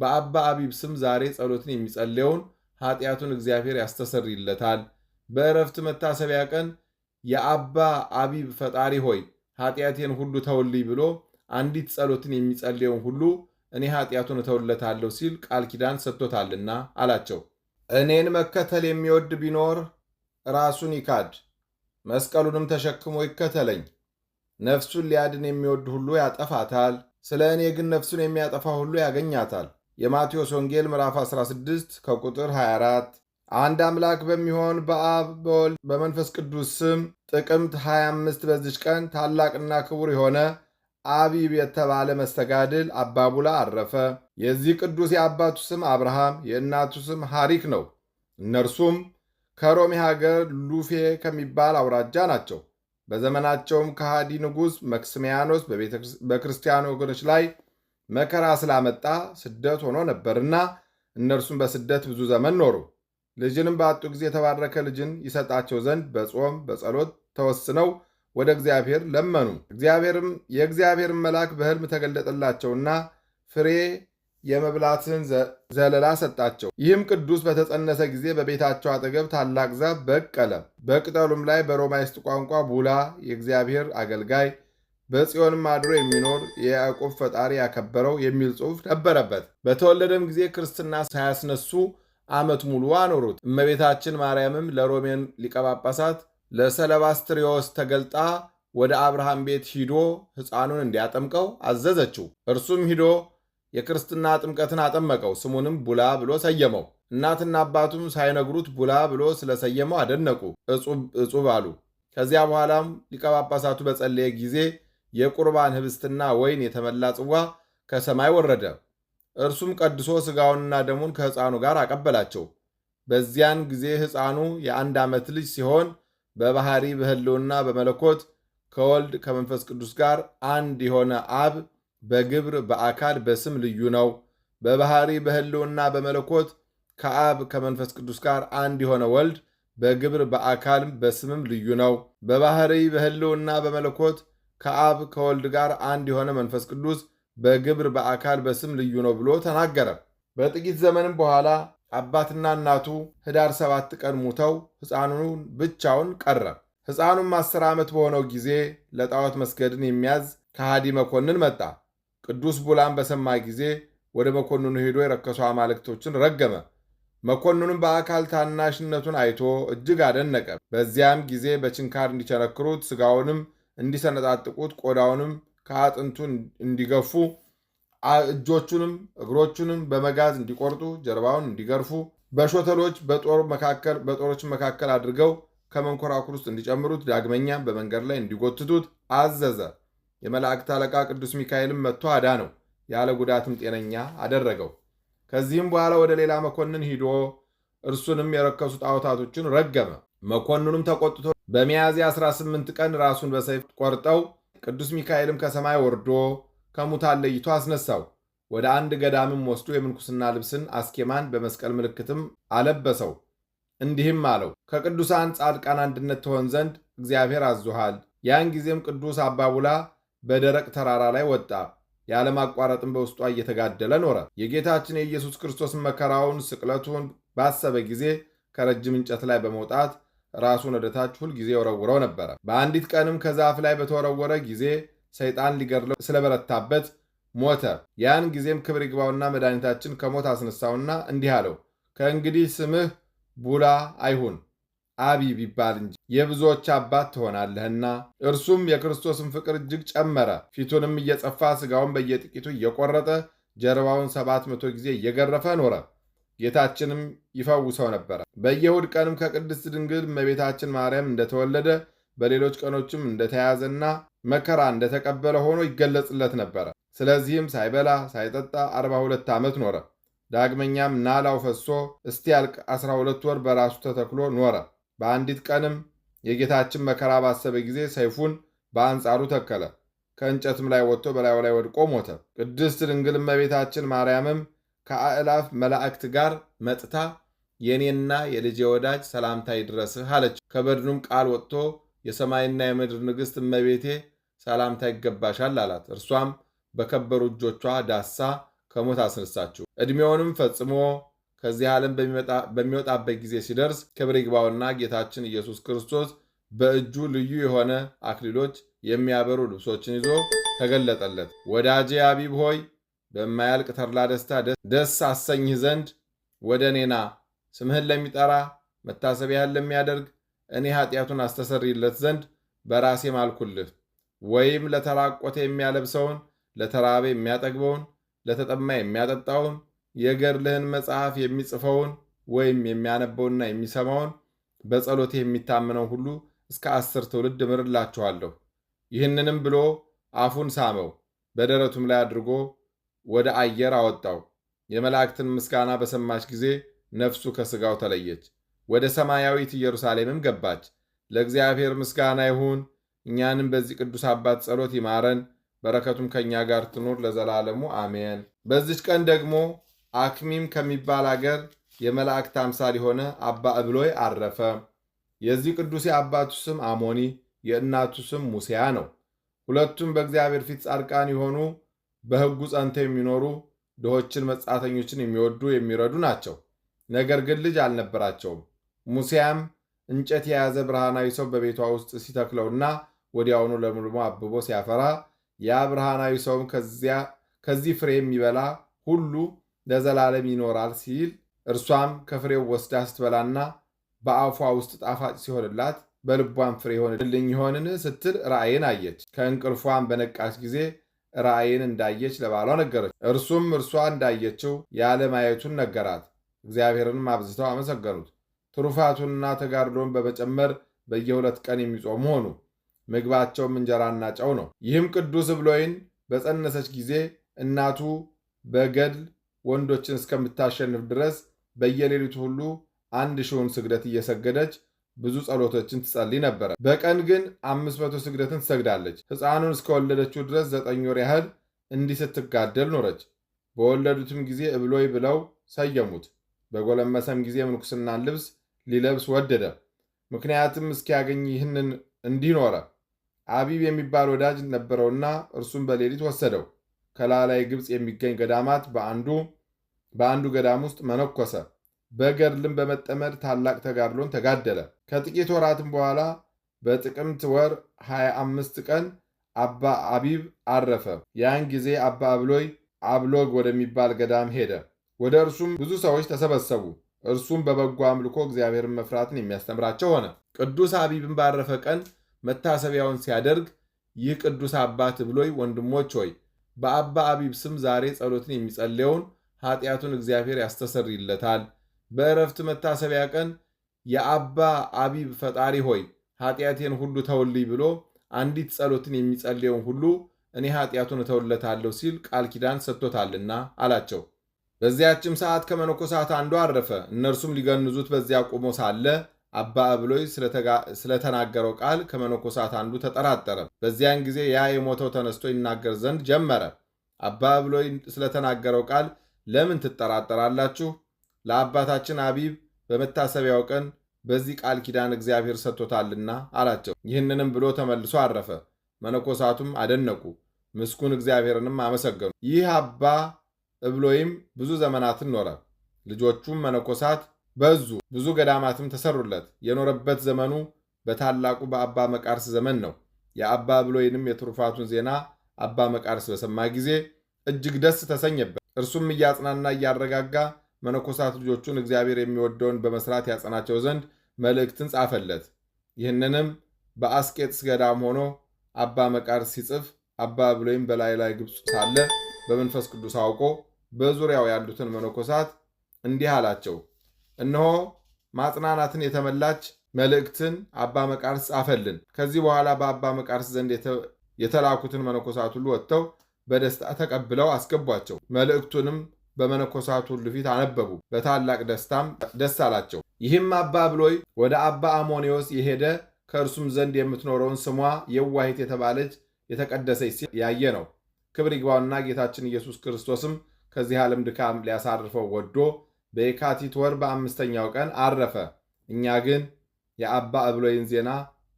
በአባ አቢብ ስም ዛሬ ጸሎትን የሚጸለየውን ኃጢአቱን እግዚአብሔር ያስተሰርይለታል። በእረፍት መታሰቢያ ቀን የአባ አቢብ ፈጣሪ ሆይ ኃጢአቴን ሁሉ ተወልይ ብሎ አንዲት ጸሎትን የሚጸልየውን ሁሉ እኔ ኃጢአቱን እተውለታለሁ ሲል ቃል ኪዳን ሰጥቶታልና አላቸው። እኔን መከተል የሚወድ ቢኖር ራሱን ይካድ፣ መስቀሉንም ተሸክሞ ይከተለኝ። ነፍሱን ሊያድን የሚወድ ሁሉ ያጠፋታል፣ ስለ እኔ ግን ነፍሱን የሚያጠፋ ሁሉ ያገኛታል። የማቴዎስ ወንጌል ምዕራፍ 16 ከቁጥር 24። አንድ አምላክ በሚሆን በአብ በወልድ በመንፈስ ቅዱስ ስም ጥቅምት 25 በዚች ቀን ታላቅና ክቡር የሆነ አቢብ የተባለ መስተጋድል አባቡላ አረፈ። የዚህ ቅዱስ የአባቱ ስም አብርሃም የእናቱ ስም ሐሪክ ነው። እነርሱም ከሮሚ ሀገር ሉፌ ከሚባል አውራጃ ናቸው። በዘመናቸውም ከሃዲ ንጉሥ መክስሚያኖስ በክርስቲያን ወገኖች ላይ መከራ ስላመጣ ስደት ሆኖ ነበርና እነርሱም በስደት ብዙ ዘመን ኖሩ። ልጅንም በአጡ ጊዜ የተባረከ ልጅን ይሰጣቸው ዘንድ በጾም በጸሎት ተወስነው ወደ እግዚአብሔር ለመኑ። እግዚአብሔርም የእግዚአብሔርን መልአክ በሕልም ተገለጠላቸውና ፍሬ የመብላትን ዘለላ ሰጣቸው። ይህም ቅዱስ በተጸነሰ ጊዜ በቤታቸው አጠገብ ታላቅ ዛፍ በቀለ። በቅጠሉም ላይ በሮማይስጥ ቋንቋ ቡላ የእግዚአብሔር አገልጋይ በጽዮንም አድሮ የሚኖር የያዕቆብ ፈጣሪ ያከበረው የሚል ጽሑፍ ነበረበት። በተወለደም ጊዜ ክርስትና ሳያስነሱ ዓመት ሙሉ አኖሩት። እመቤታችን ማርያምም ለሮሜን ሊቀጳጳሳት ለሰለባስትሪዎስ ተገልጣ ወደ አብርሃም ቤት ሂዶ ሕፃኑን እንዲያጠምቀው አዘዘችው። እርሱም ሂዶ የክርስትና ጥምቀትን አጠመቀው። ስሙንም ቡላ ብሎ ሰየመው። እናትና አባቱም ሳይነግሩት ቡላ ብሎ ስለሰየመው አደነቁ፣ እጹብ እጹብ አሉ። ከዚያ በኋላም ሊቀጳጳሳቱ በጸለየ ጊዜ የቁርባን ህብስትና ወይን የተመላ ጽዋ ከሰማይ ወረደ። እርሱም ቀድሶ ሥጋውንና ደሙን ከሕፃኑ ጋር አቀበላቸው። በዚያን ጊዜ ሕፃኑ የአንድ ዓመት ልጅ ሲሆን በባሕሪ በሕልውና በመለኮት ከወልድ ከመንፈስ ቅዱስ ጋር አንድ የሆነ አብ በግብር በአካል በስም ልዩ ነው። በባሕሪ በሕልውና በመለኮት ከአብ ከመንፈስ ቅዱስ ጋር አንድ የሆነ ወልድ በግብር በአካል በስምም ልዩ ነው። በባሕሪ በሕልውና በመለኮት ከአብ ከወልድ ጋር አንድ የሆነ መንፈስ ቅዱስ በግብር በአካል በስም ልዩ ነው ብሎ ተናገረ። በጥቂት ዘመንም በኋላ አባትና እናቱ ኅዳር ሰባት ቀን ሙተው ሕፃኑን ብቻውን ቀረ። ሕፃኑም አስር ዓመት በሆነው ጊዜ ለጣዖት መስገድን የሚያዝ ከሃዲ መኮንን መጣ። ቅዱስ ቡላን በሰማ ጊዜ ወደ መኮንኑ ሄዶ የረከሱ አማልክቶችን ረገመ። መኮንኑም በአካል ታናሽነቱን አይቶ እጅግ አደነቀ። በዚያም ጊዜ በችንካር እንዲቸነክሩት ሥጋውንም እንዲሰነጣጥቁት ቆዳውንም ከአጥንቱ እንዲገፉ እጆቹንም እግሮቹንም በመጋዝ እንዲቆርጡ ጀርባውን እንዲገርፉ በሾተሎች በጦሮች መካከል አድርገው ከመንኮራኩር ውስጥ እንዲጨምሩት ዳግመኛ በመንገድ ላይ እንዲጎትቱት አዘዘ። የመላእክት አለቃ ቅዱስ ሚካኤልም መጥቶ ነው ያለ ጉዳትም ጤነኛ አደረገው። ከዚህም በኋላ ወደ ሌላ መኮንን ሂዶ እርሱንም የረከሱ ጣዖታቶችን ረገመ። መኮንኑም ተቆጥቶ በሚያዝያ 18 ቀን ራሱን በሰይፍ ቆርጠው ቅዱስ ሚካኤልም ከሰማይ ወርዶ ከሙታን ለይቶ አስነሳው። ወደ አንድ ገዳምም ወስዶ የምንኩስና ልብስን አስኬማን በመስቀል ምልክትም አለበሰው። እንዲህም አለው፣ ከቅዱሳን ጻድቃን አንድነት ትሆን ዘንድ እግዚአብሔር አዞሃል። ያን ጊዜም ቅዱስ አባቡላ በደረቅ ተራራ ላይ ወጣ። ያለማቋረጥም በውስጧ እየተጋደለ ኖረ። የጌታችን የኢየሱስ ክርስቶስን መከራውን፣ ስቅለቱን ባሰበ ጊዜ ከረጅም እንጨት ላይ በመውጣት ራሱን ወደታች ጊዜ ወረውረው ነበረ። በአንዲት ቀንም ከዛፍ ላይ በተወረወረ ጊዜ ሰይጣን ሊገድለው ስለበረታበት ሞተ። ያን ጊዜም ክብር ይግባውና መድኃኒታችን ከሞት አስነሳውና እንዲህ አለው፣ ከእንግዲህ ስምህ ቡላ አይሁን አቢ ቢባል እንጂ የብዙዎች አባት ትሆናለህና። እርሱም የክርስቶስን ፍቅር እጅግ ጨመረ። ፊቱንም እየጸፋ ሥጋውን በየጥቂቱ እየቆረጠ ጀርባውን ሰባት መቶ ጊዜ እየገረፈ ኖረ። ጌታችንም ይፈውሰው ነበረ። በየሁድ ቀንም ከቅድስት ድንግል እመቤታችን ማርያም እንደተወለደ በሌሎች ቀኖችም እንደተያዘና መከራ እንደተቀበለ ሆኖ ይገለጽለት ነበረ። ስለዚህም ሳይበላ ሳይጠጣ 42 ዓመት ኖረ። ዳግመኛም ናላው ፈሶ እስቲያልቅ 12 ወር በራሱ ተተክሎ ኖረ። በአንዲት ቀንም የጌታችን መከራ ባሰበ ጊዜ ሰይፉን በአንጻሩ ተከለ። ከእንጨትም ላይ ወጥቶ በላዩ ላይ ወድቆ ሞተ። ቅድስት ድንግል እመቤታችን ማርያምም ከአእላፍ መላእክት ጋር መጥታ የእኔና የልጄ ወዳጅ ሰላምታ ይድረስህ አለች። ከበድኑም ቃል ወጥቶ የሰማይና የምድር ንግሥት እመቤቴ ሰላምታ ይገባሻል አላት። እርሷም በከበሩ እጆቿ ዳሳ ከሞት አስነሳችው። ዕድሜውንም ፈጽሞ ከዚህ ዓለም በሚወጣበት ጊዜ ሲደርስ ክብር ይግባውና ጌታችን ኢየሱስ ክርስቶስ በእጁ ልዩ የሆነ አክሊሎች የሚያበሩ ልብሶችን ይዞ ተገለጠለት። ወዳጄ አቢብ ሆይ በማያልቅ ተድላ ደስታ ደስ አሰኝህ ዘንድ ወደ እኔና ስምህን ለሚጠራ መታሰቢያህን ለሚያደርግ እኔ ኃጢአቱን አስተሰሪለት ዘንድ በራሴ ማልኩልህ። ወይም ለተራቆተ የሚያለብሰውን፣ ለተራበ የሚያጠግበውን፣ ለተጠማ የሚያጠጣውን፣ የገድልህን መጽሐፍ የሚጽፈውን ወይም የሚያነበውና የሚሰማውን በጸሎቴ የሚታምነው ሁሉ እስከ አስር ትውልድ እምርላችኋለሁ። ይህንንም ብሎ አፉን ሳመው፣ በደረቱም ላይ አድርጎ ወደ አየር አወጣው። የመላእክትን ምስጋና በሰማች ጊዜ ነፍሱ ከሥጋው ተለየች፣ ወደ ሰማያዊት ኢየሩሳሌምም ገባች። ለእግዚአብሔር ምስጋና ይሁን። እኛንም በዚህ ቅዱስ አባት ጸሎት ይማረን፣ በረከቱም ከእኛ ጋር ትኑር ለዘላለሙ አሜን። በዚች ቀን ደግሞ አክሚም ከሚባል አገር የመላእክት አምሳል የሆነ አባ እብሎይ አረፈ። የዚህ ቅዱስ የአባቱ ስም አሞኒ፣ የእናቱ ስም ሙሴያ ነው። ሁለቱም በእግዚአብሔር ፊት ጻድቃን የሆኑ በሕጉ ጸንተው የሚኖሩ ድሆችን፣ መጻተኞችን የሚወዱ የሚረዱ ናቸው። ነገር ግን ልጅ አልነበራቸውም። ሙሴያም እንጨት የያዘ ብርሃናዊ ሰው በቤቷ ውስጥ ሲተክለውና ወዲያውኑ ለምልሞ አብቦ ሲያፈራ ያ ብርሃናዊ ሰውም ከዚህ ፍሬ የሚበላ ሁሉ ለዘላለም ይኖራል ሲል እርሷም ከፍሬው ወስዳ ስትበላና በአፏ ውስጥ ጣፋጭ ሲሆንላት በልቧም ፍሬ ይሆንልኝ ይሆንን ስትል ራእይን አየች። ከእንቅልፏም በነቃች ጊዜ ራእይን እንዳየች ለባሏ ነገረች። እርሱም እርሷ እንዳየችው ማየቱን ነገራት። እግዚአብሔርንም አብዝተው አመሰገኑት። ትሩፋቱንና ተጋድሎን በመጨመር በየሁለት ቀን የሚጾሙ ሆኑ። ምግባቸውም እንጀራና ጨው ነው። ይህም ቅዱስ እብሎይን በጸነሰች ጊዜ እናቱ በገድል ወንዶችን እስከምታሸንፍ ድረስ በየሌሊቱ ሁሉ አንድ ሺውን ስግደት እየሰገደች ብዙ ጸሎቶችን ትጸልይ ነበረ። በቀን ግን አምስት መቶ ስግደትን ትሰግዳለች። ሕፃኑን እስከወለደችው ድረስ ዘጠኝ ወር ያህል እንዲህ ስትጋደል ኖረች። በወለዱትም ጊዜ እብሎይ ብለው ሰየሙት። በጎለመሰም ጊዜ ምንኩስናን ልብስ ሊለብስ ወደደ። ምክንያትም እስኪያገኝ ይህንን እንዲህ ኖረ። አቢብ የሚባል ወዳጅ ነበረውና እርሱም በሌሊት ወሰደው። ከላላይ ግብፅ የሚገኝ ገዳማት በአንዱ ገዳም ውስጥ መነኮሰ። በገድልም በመጠመድ ታላቅ ተጋድሎን ተጋደለ። ከጥቂት ወራትም በኋላ በጥቅምት ወር 25 ቀን አባ አቢብ አረፈ። ያን ጊዜ አባ አብሎይ አብሎግ ወደሚባል ገዳም ሄደ። ወደ እርሱም ብዙ ሰዎች ተሰበሰቡ። እርሱም በበጎ አምልኮ እግዚአብሔርን መፍራትን የሚያስተምራቸው ሆነ። ቅዱስ አቢብን ባረፈ ቀን መታሰቢያውን ሲያደርግ ይህ ቅዱስ አባት ብሎይ ወንድሞች ሆይ በአባ አቢብ ስም ዛሬ ጸሎትን የሚጸልየውን ኃጢአቱን እግዚአብሔር ያስተሰርይለታል በእረፍት መታሰቢያ ቀን የአባ አቢብ ፈጣሪ ሆይ ኃጢአቴን ሁሉ ተውልይ ብሎ አንዲት ጸሎትን የሚጸልየውን ሁሉ እኔ ኃጢአቱን እተውለታለሁ ሲል ቃል ኪዳን ሰጥቶታልና አላቸው። በዚያችም ሰዓት ከመነኮሳት አንዱ አረፈ። እነርሱም ሊገንዙት በዚያ ቆሞ ሳለ አባ ብሎይ ስለተናገረው ቃል ከመነኮሳት አንዱ ተጠራጠረ። በዚያን ጊዜ ያ የሞተው ተነስቶ ይናገር ዘንድ ጀመረ። አባ ብሎይ ስለተናገረው ቃል ለምን ትጠራጠራላችሁ? ለአባታችን አቢብ በመታሰቢያው ቀን በዚህ ቃል ኪዳን እግዚአብሔር ሰጥቶታልና አላቸው። ይህንንም ብሎ ተመልሶ አረፈ። መነኮሳቱም አደነቁ፣ ምስኩን እግዚአብሔርንም አመሰገኑ። ይህ አባ እብሎይም ብዙ ዘመናትን ኖረ። ልጆቹም መነኮሳት በዙ፣ ብዙ ገዳማትም ተሰሩለት። የኖረበት ዘመኑ በታላቁ በአባ መቃርስ ዘመን ነው። የአባ እብሎይንም የትሩፋቱን ዜና አባ መቃርስ በሰማ ጊዜ እጅግ ደስ ተሰኘበት። እርሱም እያጽናና እያረጋጋ መነኮሳት ልጆቹን እግዚአብሔር የሚወደውን በመስራት ያጸናቸው ዘንድ መልእክትን ጻፈለት። ይህንንም በአስቄጥስ ገዳም ሆኖ አባ መቃርስ ሲጽፍ አባ ብሎይም በላይ ላይ ግብፅ ሳለ በመንፈስ ቅዱስ አውቆ በዙሪያው ያሉትን መነኮሳት እንዲህ አላቸው። እነሆ ማጽናናትን የተመላች መልእክትን አባ መቃርስ ጻፈልን። ከዚህ በኋላ በአባ መቃርስ ዘንድ የተላኩትን መነኮሳት ሁሉ ወጥተው በደስታ ተቀብለው አስገቧቸው። መልእክቱንም በመነኮሳቱ ሁሉ ፊት አነበቡ። በታላቅ ደስታም ደስ አላቸው። ይህም አባ ብሎይ ወደ አባ አሞኔዎስ የሄደ ከእርሱም ዘንድ የምትኖረውን ስሟ የዋሂት የተባለች የተቀደሰች ሲል ያየ ነው። ክብር ይግባውና ጌታችን ኢየሱስ ክርስቶስም ከዚህ ዓለም ድካም ሊያሳርፈው ወዶ በየካቲት ወር በአምስተኛው ቀን አረፈ። እኛ ግን የአባ እብሎይን ዜና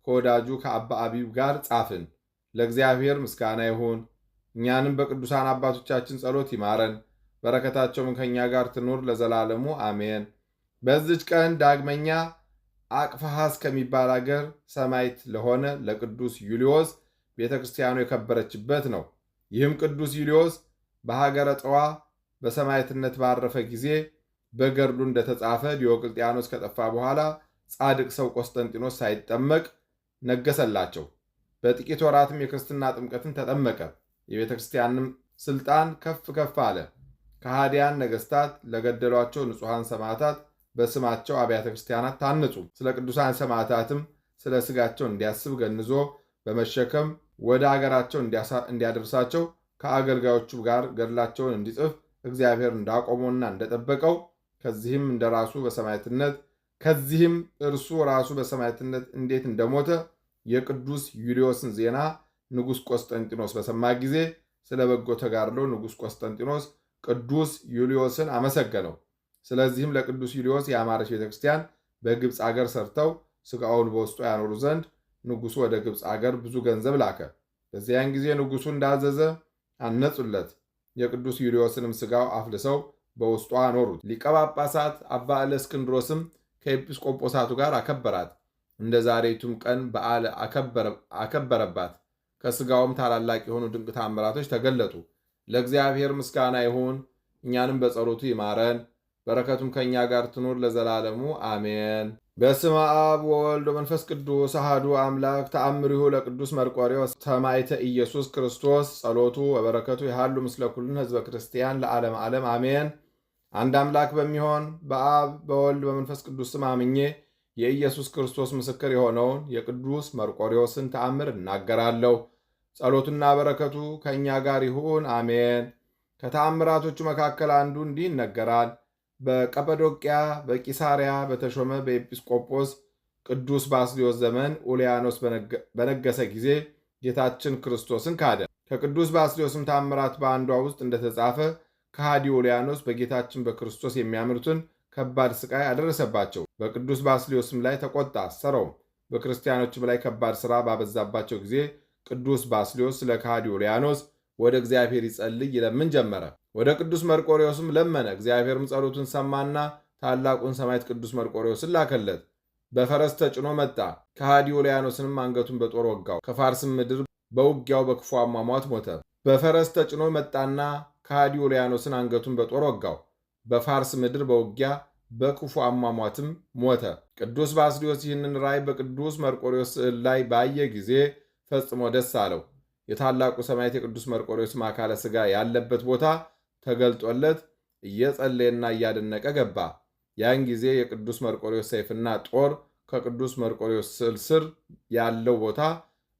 ከወዳጁ ከአባ አቢብ ጋር ጻፍን። ለእግዚአብሔር ምስጋና ይሁን። እኛንም በቅዱሳን አባቶቻችን ጸሎት ይማረን በረከታቸውም ከእኛ ጋር ትኑር ለዘላለሙ አሜን። በዚች ቀን ዳግመኛ አቅፋሃስ ከሚባል አገር ሰማይት ለሆነ ለቅዱስ ዩልዮስ ቤተ ክርስቲያኑ የከበረችበት ነው። ይህም ቅዱስ ዩልዮስ በሀገረ ጠዋ በሰማይትነት ባረፈ ጊዜ በገድሉ እንደተጻፈ ዲዮቅልጥያኖስ ከጠፋ በኋላ ጻድቅ ሰው ቆስጠንጢኖስ ሳይጠመቅ ነገሰላቸው። በጥቂት ወራትም የክርስትና ጥምቀትን ተጠመቀ። የቤተ ክርስቲያንም ስልጣን ከፍ ከፍ አለ። ከሃዲያን ነገሥታት ለገደሏቸው ንጹሐን ሰማዕታት በስማቸው አብያተ ክርስቲያናት ታነጹ። ስለ ቅዱሳን ሰማዕታትም ስለ ሥጋቸው እንዲያስብ ገንዞ በመሸከም ወደ አገራቸው እንዲያደርሳቸው ከአገልጋዮቹ ጋር ገድላቸውን እንዲጽፍ እግዚአብሔር እንዳቆመውና እንደጠበቀው ከዚህም እንደ ራሱ በሰማዕትነት ከዚህም እርሱ ራሱ በሰማዕትነት እንዴት እንደሞተ የቅዱስ ዩልዮስን ዜና ንጉሥ ቆስጠንጢኖስ በሰማ ጊዜ ስለ በጎ ተጋድሎ ንጉሥ ቆስጠንጢኖስ ቅዱስ ዩልዮስን አመሰገነው። ስለዚህም ለቅዱስ ዩልዮስ የአማረች ቤተክርስቲያን በግብፅ አገር ሰርተው ስጋውን በውስጡ ያኖሩ ዘንድ ንጉሱ ወደ ግብፅ አገር ብዙ ገንዘብ ላከ። በዚያን ጊዜ ንጉሱ እንዳዘዘ አነጹለት። የቅዱስ ዩልዮስንም ስጋው አፍልሰው በውስጡ አኖሩት። ሊቀ ጳጳሳት አባ እለእስክንድሮስም ከኤጲስቆጶሳቱ ጋር አከበራት። እንደ ዛሬቱም ቀን በዓል አከበረባት። ከስጋውም ታላላቅ የሆኑ ድንቅ ታምራቶች ተገለጡ። ለእግዚአብሔር ምስጋና ይሁን። እኛንም በጸሎቱ ይማረን፣ በረከቱም ከእኛ ጋር ትኑር ለዘላለሙ አሜን። በስመ አብ ወወልድ ወመንፈስ ቅዱስ አሐዱ አምላክ። ተአምሪሁ ለቅዱስ መርቆሬዎስ ሰማዕተ ኢየሱስ ክርስቶስ ጸሎቱ ወበረከቱ ይሃሉ ምስለ ህዝበ ክርስቲያን ለዓለም ዓለም አሜን። አንድ አምላክ በሚሆን በአብ በወልድ በመንፈስ ቅዱስ ስም አምኜ የኢየሱስ ክርስቶስ ምስክር የሆነውን የቅዱስ መርቆሬዎስን ተአምር እናገራለሁ። ጸሎቱና በረከቱ ከእኛ ጋር ይሁን አሜን። ከተአምራቶቹ መካከል አንዱ እንዲህ ይነገራል። በቀጰዶቅያ በቂሳሪያ በተሾመ በኤጲስቆጶስ ቅዱስ ባስልዮስ ዘመን ኡልያኖስ በነገሰ ጊዜ ጌታችን ክርስቶስን ካደ። ከቅዱስ ባስልዮስም ታምራት በአንዷ ውስጥ እንደተጻፈ ከሃዲ ኡልያኖስ በጌታችን በክርስቶስ የሚያምኑትን ከባድ ስቃይ አደረሰባቸው። በቅዱስ ባስልዮስም ላይ ተቆጣ፣ አሰረውም። በክርስቲያኖችም ላይ ከባድ ሥራ ባበዛባቸው ጊዜ ቅዱስ ባስልዮስ ስለ ሊያኖስ ወደ እግዚአብሔር ይጸልይ ይለምን ጀመረ። ወደ ቅዱስ መርቆሪዎስም ለመነ። እግዚአብሔርም ጸሎቱን ሰማና ታላቁን ሰማዕት ቅዱስ መርቆሪዎስን ላከለት። በፈረስ ተጭኖ መጣ። ከሃዲው አንገቱን በጦር ወጋው። ከፋርስም ምድር በውጊያው በክፉ አሟሟት ሞተ። በፈረስ ተጭኖ መጣና ከሃዲው አንገቱን በጦር ወጋው። በፋርስ ምድር በውጊያ በክፉ አሟሟትም ሞተ። ቅዱስ ባስልዮስ ይህንን ራእይ በቅዱስ መርቆሪዎስ ስዕል ላይ ባየ ጊዜ ፈጽሞ ደስ አለው። የታላቁ ሰማዕት የቅዱስ መርቆሬዎስም አካለ ሥጋ ያለበት ቦታ ተገልጦለት እየጸለየና እያደነቀ ገባ። ያን ጊዜ የቅዱስ መርቆሬዎስ ሰይፍና ጦር ከቅዱስ መርቆሬዎስ ስዕል ስር ያለው ቦታ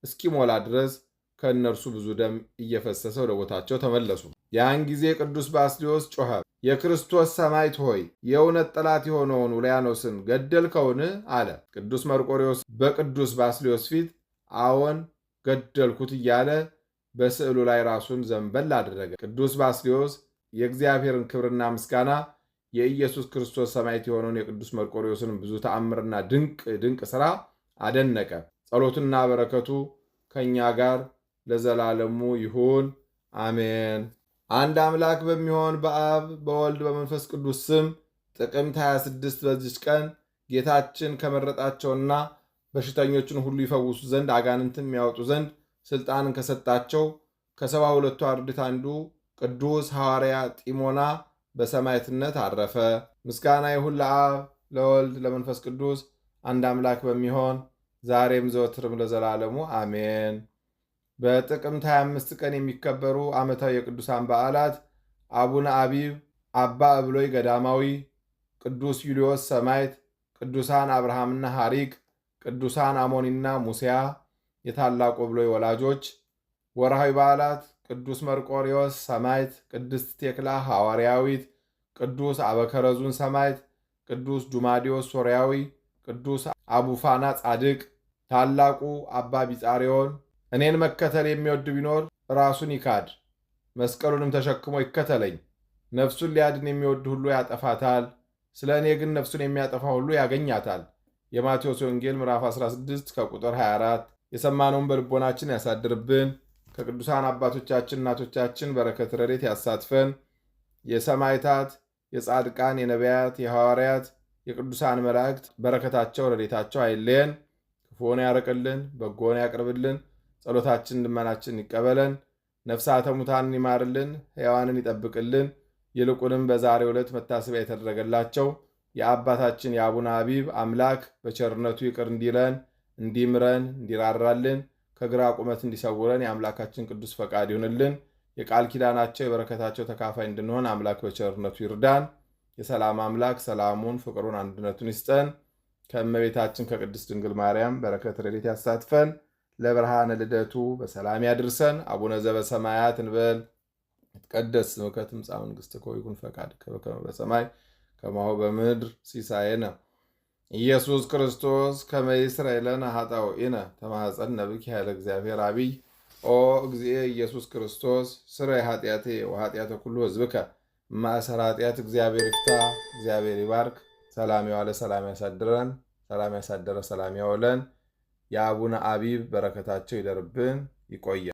እስኪሞላ ድረስ ከእነርሱ ብዙ ደም እየፈሰሰ ወደ ቦታቸው ተመለሱ። ያን ጊዜ ቅዱስ ባስልዮስ ጮኸ፣ የክርስቶስ ሰማዕት ሆይ የእውነት ጠላት የሆነውን ውልያኖስን ገደልከውን? አለ። ቅዱስ መርቆሬዎስ በቅዱስ ባስልዮስ ፊት አዎን ገደልኩት እያለ በስዕሉ ላይ ራሱን ዘንበል አደረገ። ቅዱስ ባስልዮስ የእግዚአብሔርን ክብርና ምስጋና የኢየሱስ ክርስቶስ ሰማዕት የሆነውን የቅዱስ መርቆሪዎስን ብዙ ተአምርና ድንቅ ድንቅ ሥራ አደነቀ። ጸሎቱና በረከቱ ከእኛ ጋር ለዘላለሙ ይሁን አሜን። አንድ አምላክ በሚሆን በአብ በወልድ በመንፈስ ቅዱስ ስም ጥቅምት 26 በዚች ቀን ጌታችን ከመረጣቸውና በሽተኞችን ሁሉ ይፈውሱ ዘንድ አጋንንትን የሚያወጡ ዘንድ ስልጣንን ከሰጣቸው ከሰባ ሁለቱ አርድእት አንዱ ቅዱስ ሐዋርያ ጢሞና በሰማዕትነት አረፈ። ምስጋና ይሁን ለአብ ለወልድ ለመንፈስ ቅዱስ አንድ አምላክ በሚሆን ዛሬም ዘወትርም ለዘላለሙ አሜን። በጥቅምት 25 ቀን የሚከበሩ ዓመታዊ የቅዱሳን በዓላት አቡነ አቢብ፣ አባ እብሎይ ገዳማዊ፣ ቅዱስ ዩልዮስ ሰማዕት፣ ቅዱሳን አብርሃምና ሐሪክ ቅዱሳን አሞኒና ሙሴያ የታላቁ ብሎ ወላጆች። ወርሃዊ በዓላት ቅዱስ መርቆሪዎስ ሰማይት ቅድስት ቴክላ ሐዋርያዊት፣ ቅዱስ አበከረዙን ሰማይት ቅዱስ ዱማዲዮስ ሶርያዊ፣ ቅዱስ አቡፋና ጻድቅ፣ ታላቁ አባ ቢጻሪዮን። እኔን መከተል የሚወድ ቢኖር ራሱን ይካድ፣ መስቀሉንም ተሸክሞ ይከተለኝ። ነፍሱን ሊያድን የሚወድ ሁሉ ያጠፋታል፣ ስለ እኔ ግን ነፍሱን የሚያጠፋ ሁሉ ያገኛታል። የማቴዎስ ወንጌል ምዕራፍ 16 ከቁጥር 24። የሰማነውን በልቦናችን ያሳድርብን። ከቅዱሳን አባቶቻችን እናቶቻችን በረከት ረድኤት ያሳትፈን። የሰማዕታት፣ የጻድቃን፣ የነቢያት፣ የሐዋርያት፣ የቅዱሳን መላእክት በረከታቸው ረድኤታቸው አይለየን። ክፉን ያርቅልን፣ በጎን ያቅርብልን። ጸሎታችን ልመናችን ይቀበለን። ነፍሳተ ሙታንን ይማርልን፣ ሕያዋንን ይጠብቅልን። ይልቁንም በዛሬ ዕለት መታሰቢያ የተደረገላቸው የአባታችን የአቡነ አቢብ አምላክ በቸርነቱ ይቅር እንዲለን እንዲምረን እንዲራራልን ከግራ ቁመት እንዲሰውረን የአምላካችን ቅዱስ ፈቃድ ይሁንልን። የቃል ኪዳናቸው የበረከታቸው ተካፋይ እንድንሆን አምላክ በቸርነቱ ይርዳን። የሰላም አምላክ ሰላሙን፣ ፍቅሩን፣ አንድነቱን ይስጠን። ከእመቤታችን ከቅድስት ድንግል ማርያም በረከት ረድኤት ያሳትፈን። ለብርሃነ ልደቱ በሰላም ያድርሰን። አቡነ ዘበሰማያት እንበል ይትቀደስ ስምከ ትምጻእ መንግሥትከ ወይኩን ፈቃድከ በከመ በሰማይ ከማሁ በምድር ሲሳየነ ኢየሱስ ክርስቶስ ከመ ይስረይ ለነ ኃጣውኢነ ተማፀን ብኪ ያለ እግዚአብሔር አብይ ኦ እግዚእ ኢየሱስ ክርስቶስ ስረይ ኃጢአቴ ወኃጢአተ ኩሉ ህዝብከ ማእሰር ኃጢአት እግዚአብሔር ይፍታ። እግዚአብሔር ይባርክ። ሰላም የዋለ ሰላም ያሳድረን፣ ሰላም ያሳደረ ሰላም ያውለን። የአቡነ አቢብ በረከታቸው ይደርብን። ይቆየ